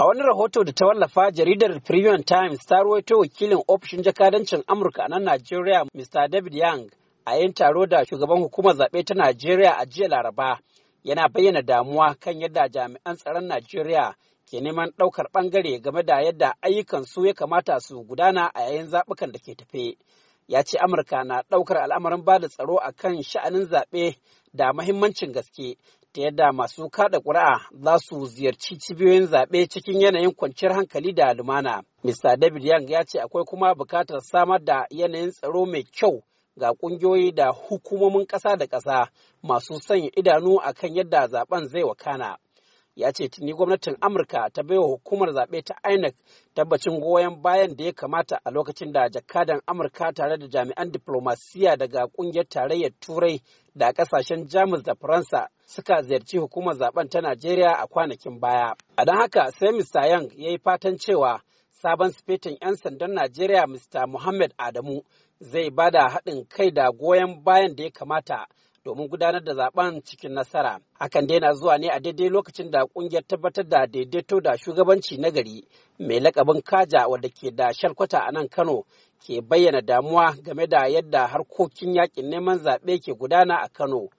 A wani rahoto da ta wallafa jaridar Premium Times ta ruwaito wakilin ofishin jakadancin Amurka a nan Najeriya Mr. David Young a yin taro da shugaban hukumar zaɓe ta Najeriya a jiya Laraba yana bayyana damuwa kan yadda jami'an tsaron Najeriya ke neman ɗaukar ɓangare game da yadda ayyukan su ya kamata su gudana a yayin zaɓukan da ke tafe. Ya ce Amurka na ɗaukar al'amarin ba da tsaro a kan sha'anin zaɓe da mahimmancin gaske ta yadda masu kada ƙuri'a za su ziyarci cibiyoyin zaɓe cikin yanayin kwanciyar hankali da lumana. Mr. David Yang ya ce akwai kuma buƙatar samar da yanayin tsaro mai kyau ga ƙungiyoyi da hukumomin ƙasa da ƙasa masu sanya idanu akan yadda zaɓen zai wakana. ya ce tuni gwamnatin amurka ta baiwa hukumar zaɓe ta inec tabbacin goyon bayan da ya kamata a lokacin da jakadan amurka tare da jami'an diplomasiya daga ƙungiyar tarayyar turai da ƙasashen jamus da faransa suka ziyarci hukumar zaben ta najeriya a kwanakin baya a don haka sai mr yang ya yi fatan cewa sabon sifetin 'yan sandan najeriya mr muhammad adamu zai bada haɗin kai da goyon bayan da ya kamata domin gudanar da zaben cikin nasara. Hakan dai na zuwa ne a daidai lokacin da kungiyar tabbatar da daidaito da shugabanci nagari mai lakabin kaja wadda ke da sharkwata a nan Kano ke bayyana damuwa game da yadda harkokin yakin neman zaɓe ke gudana a Kano.